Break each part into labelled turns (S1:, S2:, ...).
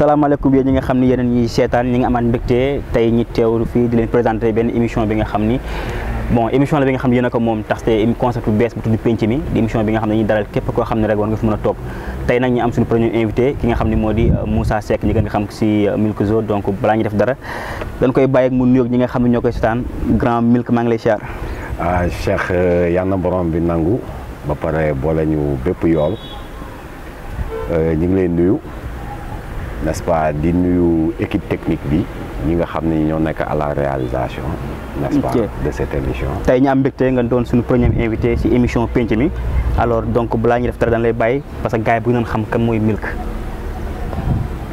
S1: salaamaaleykum yéen ñi nga xam ni yeneen ñuy seetaan ñi ngi amaat mbégte tey ñi teew fii di leen benn émission bi nga xam ni bon émission la bi nga xam ne yéen a te concept bu bees bu tudd penc mi di émission bi nga xam ne ne rek war a toog tey nag ñu am suñu premier invité ki nga xam ne moo di euh, Moussa Seck ñi gën nga si euh, Milk Zo donc balaa ñu def dara dañ koy bàyyi ak mu nuyoog nga xam ne ñoo koy seetaan grand Milk maa ngi lay siyaar
S2: ah Cheikh euh, yal na borom bi nangu ba pare boole ñu bépp yool ñu ngi leen nuyu n'est-ce pas di nuyu équipe technique bi ñi nga xam ñoo à la réalisation nest pas de cette émission tey ñu am
S1: mbégte nga doon suñu premier invité ci émission penc mi alors donc balaa ñuy def dara dañ lay parce que
S2: gars yi bu ñu xam kan mooy Milk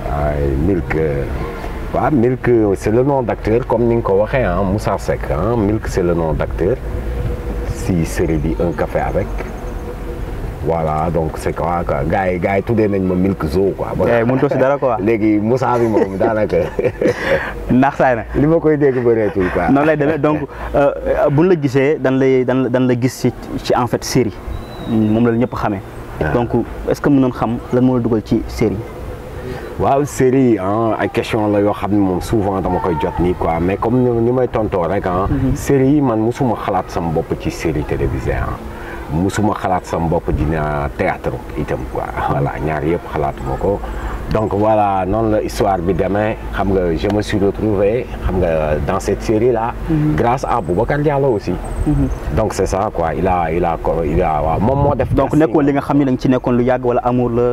S2: waaye Milk euh, waaw Milk c'est le nom d'acteur comme ni nga ko hein, Moussa Seck Hein? Milk c'est le nom d'acteur si c'est un café avec voilà donc c'est quoi quoi gars gars yi tuddee nañ ma milk zoo quoi. Eh, mënutoo si dara quoi léegi Moussa bi moom daanaka. ndax saay na li ma koy dégg bëreetul quoi. non lay donc euh, buñ la gisee
S1: dañ lay dañ la gis ci ci en fait série moom la ñëpp xamee. Ah. donc est-ce que
S2: mënoon xam lan moo la dugal ci série. waaw série hein ay question la yoo xam souvent dama koy jot quoi mais comme ni may tontoo rek hein mm-hmm. série man mosuma xalaat sama bopp ci série télévisée hein musuma xalaat sama bopp dina théâtre itam quoi voilà ñaar yëpp xalaatuma ko donc voilà noonu la histoire bi demee xam nga je me suis retrouvé xam ga dans cette série grace mhm. grâce à Boubacar aussi mhm. donc c'est ça quoi il a il la il a moom moo def donc nekkoon li nga xam ne da ci nekkoon lu yàgg wala amour la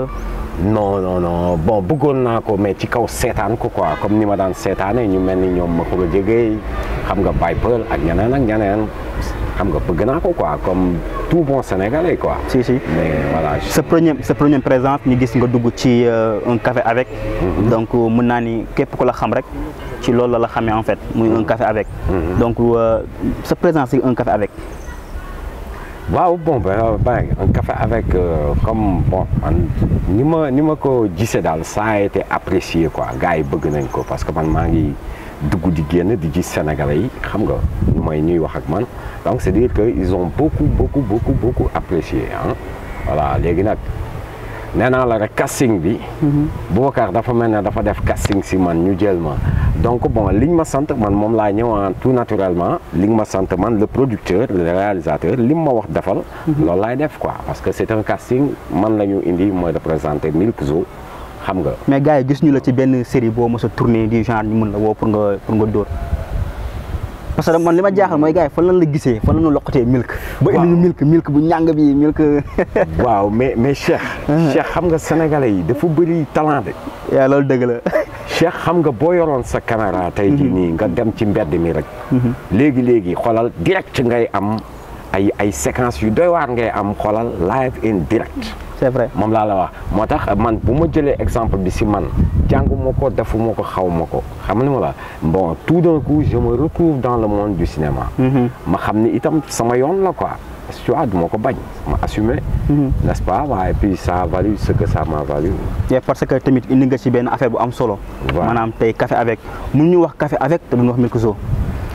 S2: non non non bon bëggoon naa ko mais ci kaw seetaan ko quoi comme ni ma daan seetaane ñu mel ni ñoom ma ko jegee xam nga Baye ak ñeneen ak ñeneen xam nga bëgg quoi comme tout bon sénégalais quoi. si si mais voilà. ce premier sa première
S1: présence ñu gis nga dugg ci euh, un café avec. Mm-hmm. donc euh, mon naa ni képp ku la xam rek ci loolu la la en fait muy un mm-hmm. café avec. Mm-hmm. donc ce euh, présence c'est un café avec.
S2: waaw bon ben, ben un café avec comme bon ni ma ni ma ko gisee daal ça a été apprécié quoi gars yi bëgg nañ ko parce que man maa du di génn di gis sénégalais yi xam nga mooy ñuy wax ak man donc c'est dire que ils ont beaucoup beaucoup beaucoup beaucoup apprécié hein voilà légui nak néna la rek casting bi mhm. Boubacar dafa melne dafa def casting si man ñu jël ma donc bon liñ ma sant man moom laa ñëwaan hein, tout naturellement liñ ma sant man le producteur le réalisateur lim ma wax defal mhm. lool lay def quoi parce que c'est un casting man la ñu indi mooy représenter Milkzo xam nga. mais gars yi gis ñu la ci benn série boo mos a tourné du genre ñu
S1: mun la woo pour nga pour nga dóor. parce que man li ma jaaxal mooy gars yi fan lan la gisee fan la ñu
S2: loqatee milk. ba indi ñu milk milk bu ñàng bi milk. waaw mais mais Cheikh. Uh-huh. Cheikh xam nga sénégalais yi dafa bëri talent loolu dëgg la. Cheikh xam nga boo yoroon sa caméra. tey jii uh-huh. nii nga dem ci mbedd mi rek. Uh-huh. léegi léegi xoolal direct ngay am. ay ay séquences yu doy war ngay am xolal live in direct c'est vrai mom la la wax motax man buma ma exemple bi si man jàngu ma ko defu xaw ma ko xam nga ma la bon tout d'un coup je me retrouve dans le monde du cinéma mm-hmm. ma xamni itam sama yoon la quoi tu vois du ma ma assumer mm-hmm. n'est-ce pas Wa. et puis ça a valu ce que ça m'a valu
S1: parce que tamit indi nga ci ben affaire bu am solo manam tay café avec
S2: mun ñu wax café avec te duñu wax Milkzo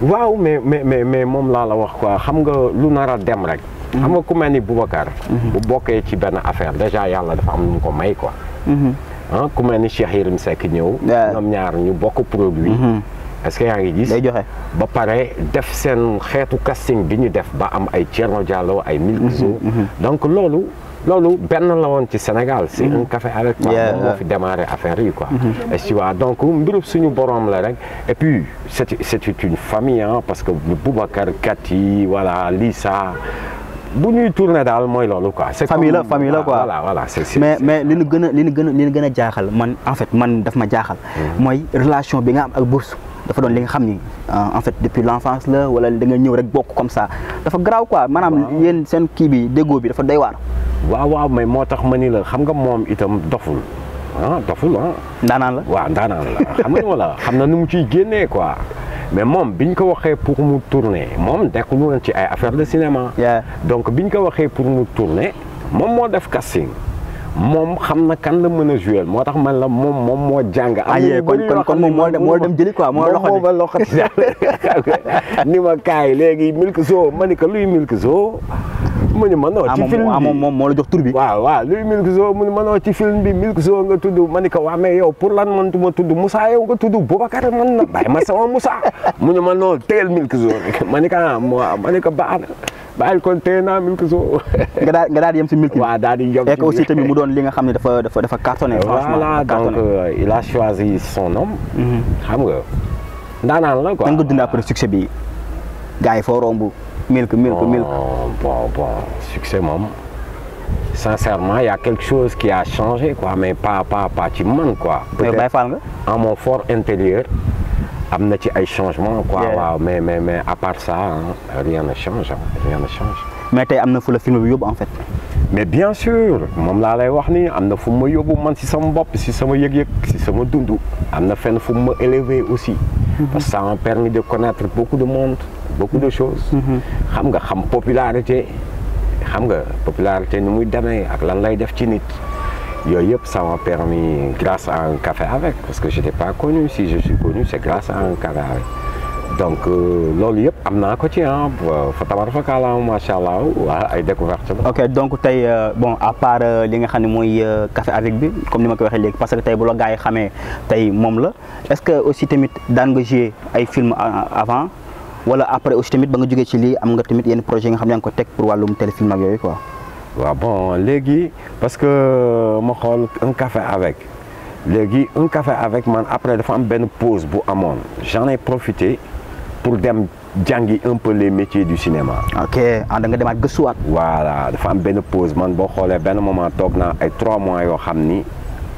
S2: waaw mais mais mais mais moom laa la wax quoi xam nga lu nar a dem rek. xam nga ku mel ni Boubacar. Mhm. bu bokkee ci benn affaire déjà yàlla dafa am nu ko may ko mhm. ah ku mel ni Cheikh Yérim Seck ñëw. ñoom ñaar ñu bokk produit. Mhm. est-ce que yaa ngi gis. day joxe ba pare def seen xeetu casting bi ñu def ba am ay Thierno Diallo ay Milkzo donc loolu. loolu ben la won ci Sénégal si mhm. un café avec Pape moo fi démarré affaire yi quoi mhm. et tu vois donc mbirou suñu borom la rek et puis c'est c'est une famille hein, parce que Boubacar Kati voilà Lisa bu ñuy tourner dal moy lolu quoi. c'est famille la famille la quoi voilà voilà c'est mais mais
S1: li ñu gëna li ñu gëna li ñu gëna jaaxal man en fait man daf ma jaaxal moy mhm. relation bi nga am ak dafa don li nga xamni euh, en fait depuis l'enfance là wala da nga ñëw rek bokk comme ça dafa graw
S2: quoi manam yéen sen ki bi déggoo bi dafa doy war wa wa mais motax tax la xam nga mom itam doful ah doful ah ndaanaan la waaw ndaanaan la xam nga wala xam na nu mu ciy génnee quoi mais mom biñ ko waxé pour mu tourner moom nekkul woon ci ay affaire de cinéma donc biñ ko waxé pour mu tourner mom mo def casting moom xam na kan la mën a joué moo tax man la moom moom moo jàng. ayi ah, kon kon kon moom moo dem ko quoi moo loxo ma loxo ni ma kaay léegi milk zoo ma ni ko luy milk zoo. mu ñu mënoo ci ah, film ah, bi moom moo la jox tur bi waaw waaw luy Milk Zo mu ñu mënoo ci film bi Milk Zo nga tudd ma ni waa mais yow pour lan man ma tudd Moussa yow nga tudd Boubacar man na bàyyi ma sama Moussa mu ñu mënoo téyel Milk Zo ma ni ko ah ma ni ko baax na Milk Zo nga daal nga si Milk bi waaw daal tamit mu doon li nga ne
S1: dafa dafa dafa cartonné euh,
S2: a son homme mhm. xam nga ndaanaan la quoi da milk milk oh, milk. bon bon succès maman. sincèrement il y a quelque chose qui a changé quoi mais pas pas pas tu manques, quoi. Eh, peut-être en mon fort intérieur am na ci ay changements quoi. mais mais mais à part ça hein, rien ne change hein, rien ne change. mais tu am na film bi en fait. mais bien sûr moom l'a lay wax ni am na fu ma yóbbu man si sama bop si sama yëg-yëg si sama dund am na fenn fu élever élevé aussi. parce mm-hmm. que ça m'a permis de connaître beaucoup de monde beaucoup de choses. Mm-hmm. xam nga xam popularité xam nga popularité ni muy demee ak lan lay def ci nit. yooyu yëpp ça m'a permis grâce à un café avec parce que j'étais pas connu si je suis connu c'est grâce à un café avec donc euh, lolu yep amna ko ci ah fa tabarfakala
S1: macha allah ay découverte ok donc tay euh, bon à part euh, li nga xamni moy café avec bi comme ni ma ko waxee léegi parce que tay bu la gaay xamé tay mom la est-ce que aussi tamit daan nga jouer ay films avant wala après aussi tamit ba nga jógee ci li am nga tamit yenn projet nga xam
S2: nga ko tek pour walum téléfilm ak yoy quoi. waaw bon légui parce que euh, ma xol un café avec légui un café avec man après dafa am ben pause bu amone j'en ai profité pour dem jangi un peu les métiers du cinéma. ok and ah, da nga demaat gëstuwaat. voilà dafa am ben pause man bo xolé ben moment tok na ay 3 mois yo xamni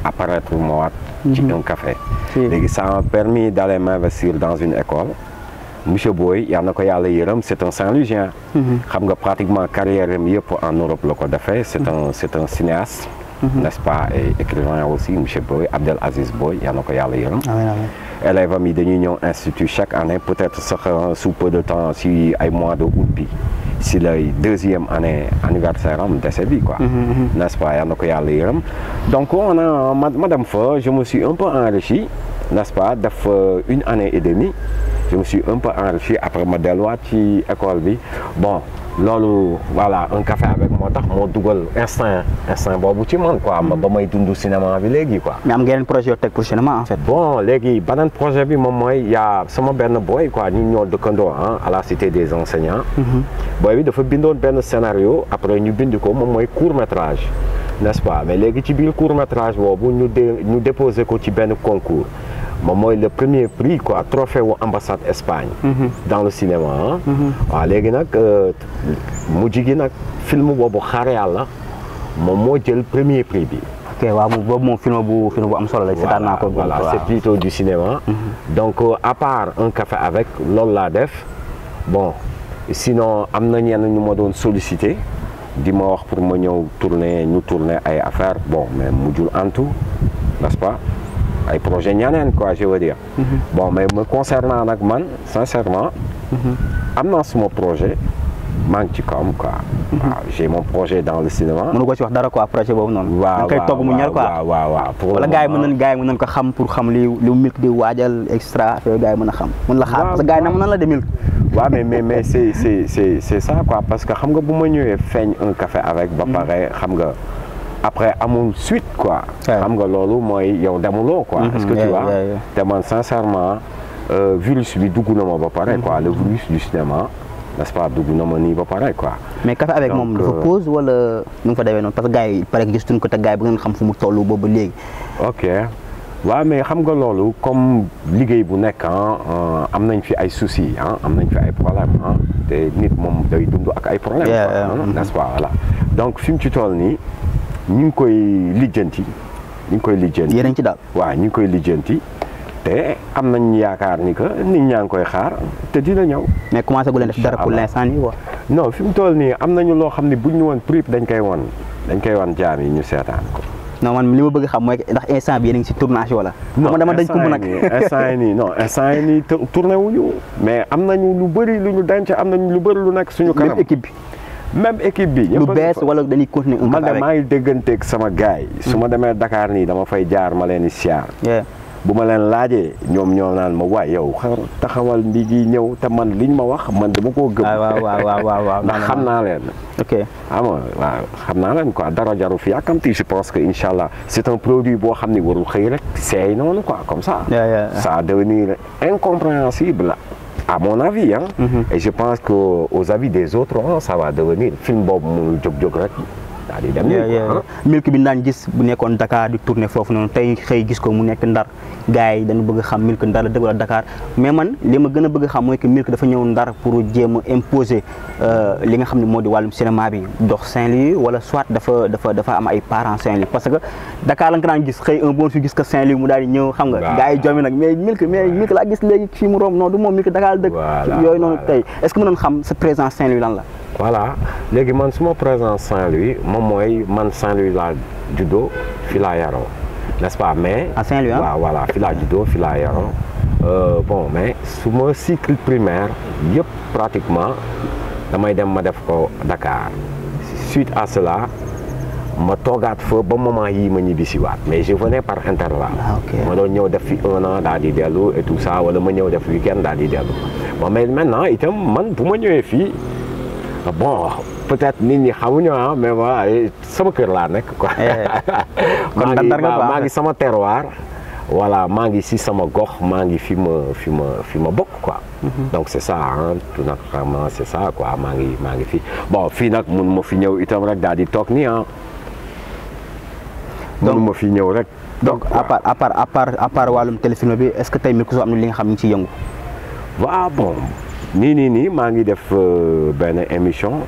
S2: apparaître mo wat ci mhm. un café. légui ça m'a permis d'aller m'investir dans une école monsieur Boy il y a un Saint-Louisien. Mhm. xam nga pratiquement carrière yëpp en Europe la ko C'est un mhm. un cinéaste. Mhm. nest ce pas et écrivain aussi monsieur Boy Abdel Aziz Boy yal a un yàlla yërëm. Elle am yi dañuy ñëw institut chaque année peut être euh, sous peu de temps si ay mois de août C'est la deuxième année anniversaire de sa bi quoi. nest ce pas yal na ko donc on a madame Fa je me suis un peu enrichi nest ce pas a euh, une année et demie je me suis un peu enrichi après ma delluwaat école bi bon loolu voilà un café avec moo tax mon double instinct instinct boobu ci man quoi mm-hmm. ba may dund cinéma bi léegi quoi. mais am un projet yoo prochainement cinéma en fait. bon pendant le projet bi moom y a sama Ben boy quoi ñu ñoo dëkkandoo hein à la cité des enseignants. Mm-hmm. boy bi dafa bindoon benn scénario après ñu bind ko moom mooy court métrage n'est-ce pas mais léegi ci biir court métrage boobu ñu dé ñu déposé ko ci concours moom le premier prix quoi trophée ou ambassade Espagne. Mm-hmm. dans le cinéma Hein? Mm-hmm. waaw léegi je euh, mujj gi film boobu xaar yàlla moom moo jël premier prix bi. ok waaw mon film bu film bu am solo la. voilà c'est plutôt du cinéma. Mm-hmm. donc euh, à part un café avec Lola def bon sinon am na ñenn ñu sollicité di ma wax pour moi, nous tourner ñu tourner ay affaire bon mais mujjul tout, n'est-ce pas ay projet ñeneen quoi je veux dire. Mhm. bon mais me concernant nak man sincèrement. Mhm. am naa mon projet manque ci kawam quoi. Mhm. j'ai mon projet dans le cinéma. Mon ko ci wax dara quoi projet bobu non waaw waaw koy togg mu ñor quoi La waaw. wala gars yi mën nañ
S1: gars yi nañ ko xam pour xam li li milk di wadjal extra affaire gars
S2: yi mën xam. mën la xaar parce gars yi na mën la de milk. waaw mais mais mais c'est c'est c'est c'est ça quoi parce que xam nga buma ñëwé ñëwee un café avec. ba pare xam nga après mon suite quoi. xam nga loolu mooy yow demulo quoi. Mm-hmm. est-ce que tu vois sincèrement man sincèrement euh, virus bi dugg na ba pare mm-hmm. quoi le virus du cinéma n'est-ce pas dugg na ma ba pare quoi.
S1: mais quand avec mon dafa euh, pause wala nous fa demee parce que gars yi pare gistuñ ko te gars yi ba ngeen xam fu mu toll
S2: boobu ok wa mais xam nga lolu comme liguey bu nek hein ah, ah, am nañ fi ay soucis hein am nañ fi ay problèmes hein té nit moom day dund ak ay problèmes. Mm-hmm. n'est-ce pas voilà donc fi mu ci toll ñu ngi koy lijjanti ñu ngi koy lijjanti. yéen ci daal waaw ñu ngi koy lijjanti te am nañ yaakaar ni que nit ñaa ngi koy xaar te dina ñëw. mais commencé gu leen def dara pour l'instant nii quoi. non nii am nañu loo xam ne bu ñu woon prix dañ koy won dañ koy won jaam yi ñu seetaan ko. non man li ma bëgg xam mooy ndax instant bi yéen a ngi si tournage wala. non dama dañ ko mën nag instant yi nii non instant yi nii mais am nañu lu bëri lu ñu denc am nañu lu bëri lu nekk suñu kanam équipe bi. même équipe bi. lu bees wala dañuy continuer man de maa sama gars yi. su hmm. Dakar ni, dama fay jaar ma leen di siyaar. bu ma ñoo naan ma waay yow taxawal ndi gi ñëw te man liñ ma wax man dama koo gëm. waaw waaw ok quoi dara jaru fi ti, je pense que allah un produit boo xam warul xëy rek seey noonu quoi comme ça. ça devenir incompréhensible. à mon avis, hein. mhm. et je pense qu'aux avis des autres, oh, ça va devenir film Bob daal di dem. Ah.
S1: milk bi daan gis bu nekkoon Dakar di tourné foofu noonu tey xëy gis ko mu nekk ndar gars yi dañu bëgg xam milk ndar la dëgg la Dakar mais li ma gën a bëgg xam mooy que dafa ñëw ndar pour jéem a imposer euh, li nga xam ne moo di wàllum cinéma bi dox Saint-Louis wala soit dafa dafa dafa am ay parents Saint-Louis parce que Dakar la nga daan gis xëy un bon gis que Saint-Louis mu daal ñëw xam nga gars yi jomi nag mais milk laa gis léegi fii mu romb non du moom
S2: sa présence Saint-Louis voilà les man su présent présence Saint-Louis moom mooy man Saint-Louis laa juddoo fi n'est-ce pas mais. à Saint-Louis hein? voilà fi laa juddoo euh, bon mais su mon cycle primaire yëpp pratiquement damay dem ma def ko Dakar suite à cela ma toogaat fa ba moment yii ma ñibbisiwaat mais je venais par intervalle. Ah, ma doon ñëw def fi un an daal di et tout ça wala ma ñëw def week-end daal di bon mais maintenant itam man bu ma ñëwee fii. bon, peut-être nit ñi xamuñu ah mais voilà sama kër laa nekk quoi. Eh, kon dantar nga maa ngi sama terroir. voilà maa ngi si sama gox maa ngi fi ma fi ma fi ma bokk quoi. Mhm. donc c' est ça ah tout naturellement c' est ça quoi maa ngi maa ngi fi bon fii nag mun ma fi ñëw itam rek daal di toog nii ah. donc mun ma fi ñëw rek. donc à part à part à part à part wàllum téléfilm bi est ce que tey Milkzo am li nga xam ci yëngu. waaw bon. Ni ni ni, mangi def ben émission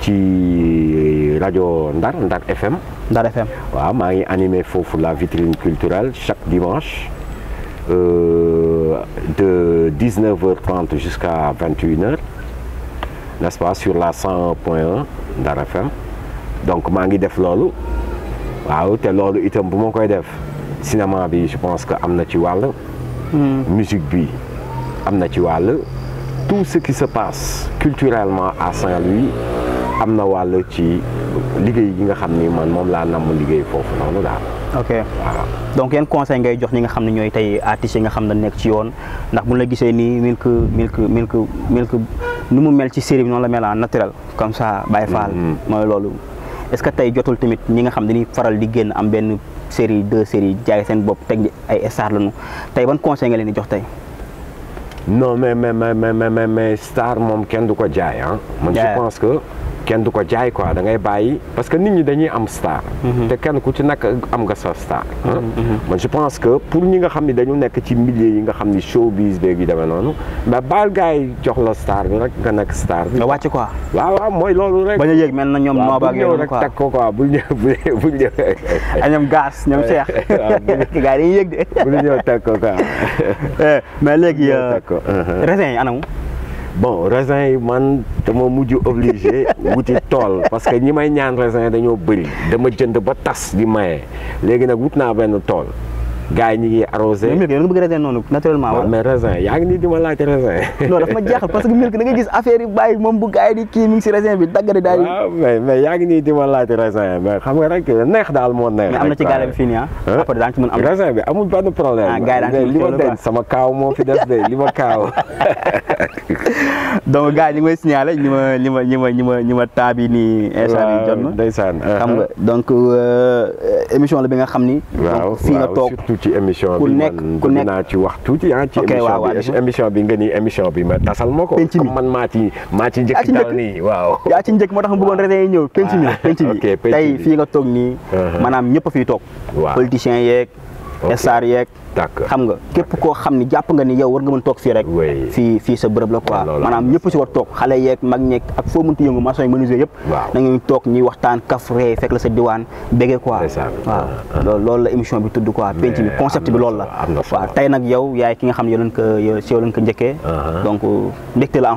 S2: ci radio Ndar Ndar FM. Ndar FM wa mangi animé animé pour la vitrine culturelle chaque dimanche euh, de 19h30 jusqu'à 21h n'est-ce pas sur la 100.1 Ndar FM donc mangi def lolu waaw té lolu itam bu mon koy def cinéma bi je pense que am ci hmm. musique bi am ci tout ce qui se passe culturellement à Saint-Louis am na wàll ci liggéey yi nga xam ni man moom laa namm liggéey foofu noonu
S1: daal. ok donc yan conseil ngay jox ñi nga xam ne ñooy tey artistes yi nga xam ne nekk ci yoon ndax bu la gisee nii Milk Milk Milk Milk nu mu mel ci série bi noonu la mel en naturel comme ça Baye Fall. Mm-hmm. mooy loolu est-ce que tey jotul tamit ñi nga xam dañuy faral di génn am benn série deux série jaay seen bopp teg ay star lañu tey ban conseil nga leen di jox tey.
S2: non mais mais mais mais mais mais Star moom kenn du ko jaay ah. man je pense que. kenn du ko jaay quoi da ngay bàyyi parce que nit ñi dañuy am star. Mhm. te kenn ku ci nekk am nga sa star. Mhm, mhm. man je pense que pour ñi nga xam ne dañu nekk ci milieu yi nga xam ni showbiz beeg yu demee noonu mais baal gars yi jox la star bi rek nga nekk star bi. nga wàcc quoi. waaw waaw mooy loolu rek. bañ a yëg mel na ñoom Noba ak yow rek teg ko quoi bul ñëw bul ñëw. ak ñoom Gaas ñoom Cheikh. yi dañuy yëg de. bul ñëw teg ko quoi. Eh, mais léegi. Euh, uh-huh. yi anamu. bon raisin yi man dama mujj obligé wuti tool parce que ñi may ñaan raisin dañoo bëri dama jënd ba tas di maye léegi nag wut naa benn tool gars yi ñu ngi arrosé. mais milk yow nga bëgg raisin noonu naturellement. waaw mais raisin yaa ngi nii di ma laajte raisin. non dafa ma
S1: jeexal parce que milk da nga gis affaire yi bàyyi moom bu gars yi di kii mi ngi si raisin bi dagg na daal di. waaw
S2: mais mais yaa ngi nii di ma laajte raisin mais xam nga rek neex daal moo neex. mais am na ci gaale bi fii nii ah. après daañu ci mën am raisin bi amul benn problème. ah gars yi daañu li ma denc sama kaaw moo fi des de li ma kaaw.
S1: donc gars yi ñu ngi may signalé ñu ma ñu ma ñu ma ñu ma ñu ma taa bi nii. waaw ndeysaan instant bi jot na. xam nga uh-huh. donc euh, émission la
S2: bi nga xam ni. waaw waaw surtout ci émission bi. ku nekk ku naa ci wax tuuti ah. ci émission bi nga ni émission bi ma tasal ma ko. penc mi man maa ci maa ci njëkk dal nii yaa ci njëkk moo tax mu bëggoon rek dañuy mi ah, penc fii nga
S1: toog nii. Uh-huh. maanaam ñëpp a fiy toog. waaw politiciens yeeg. estaar yeeg xam nga képp koo xam ni jàpp nga ni yow war nga mën toog fii rek fii fii sa bërëb la quoi maanaam ñëpp si war toog xale yeeg mag ñeeg ak foo mënti yëngu maçon yi menuisier yëpp da ngeen toog ñuy waxtaan kaf ree fekk la sa diwaan bége quoi waaw ah, ah. loolu la émission bi tudd quoi penc bi concept bi loolu la waaw tey nag yow yaay ki nga xam ne yow leen ko
S2: si yow leen ko njëkkee ah, donc mbégte la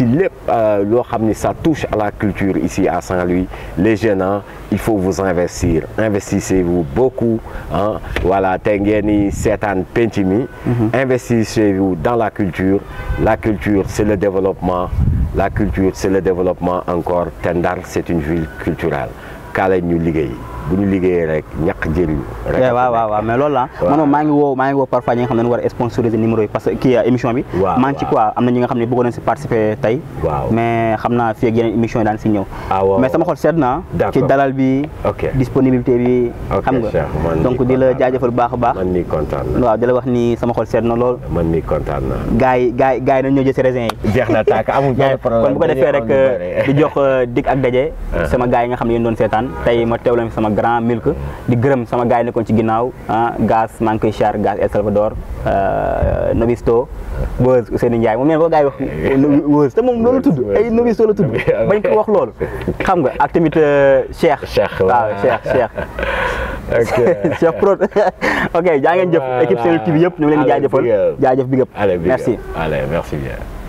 S2: Si le euh, ça touche à la culture ici à Saint-Louis les jeunes hein, il faut vous investir investissez-vous beaucoup hein. voilà Tengeni, mhm. investissez-vous dans la culture la culture c'est le développement la culture c'est le développement encore Tendar, c'est une ville culturelle Kale bu ñu liggéeyee rek ñàkk jëriñ
S1: rek eh, waaw waaw mais loolu la man moom maa ngi woo parfois ñi nga xam ne dañu war a sponsoriser yi parce que kii euh, émission bi maa ci quoi am na ñi nga xam ne bëggoon nañ xam naa ah, sama xol seet na a lool
S2: man nii na
S1: gars jël si raisin yi jeex na tàkk amul benn euh, euh, ah. nga xam ne yéen doon seetaan tey ma teewla sama grand milk di gërëm sama gars yi nekkoon ci ginnaaw ah gaz maa ngi char gaz El Salvador ah, Nobisto Boz Ousseynou Ndiaye moom nee na ko gars yi wax Boz te moom loolu tudd ay Nobisto la tudd bañ ko wax loolu xam nga ak tamit euh, Cheikh waaw Cheikh Cheikh ok Cheikh Pro ok jaa ngeen jëf équipe Sen TV yëpp ñu ngi leen di jaajëfal jaajëf bi gëpp
S2: merci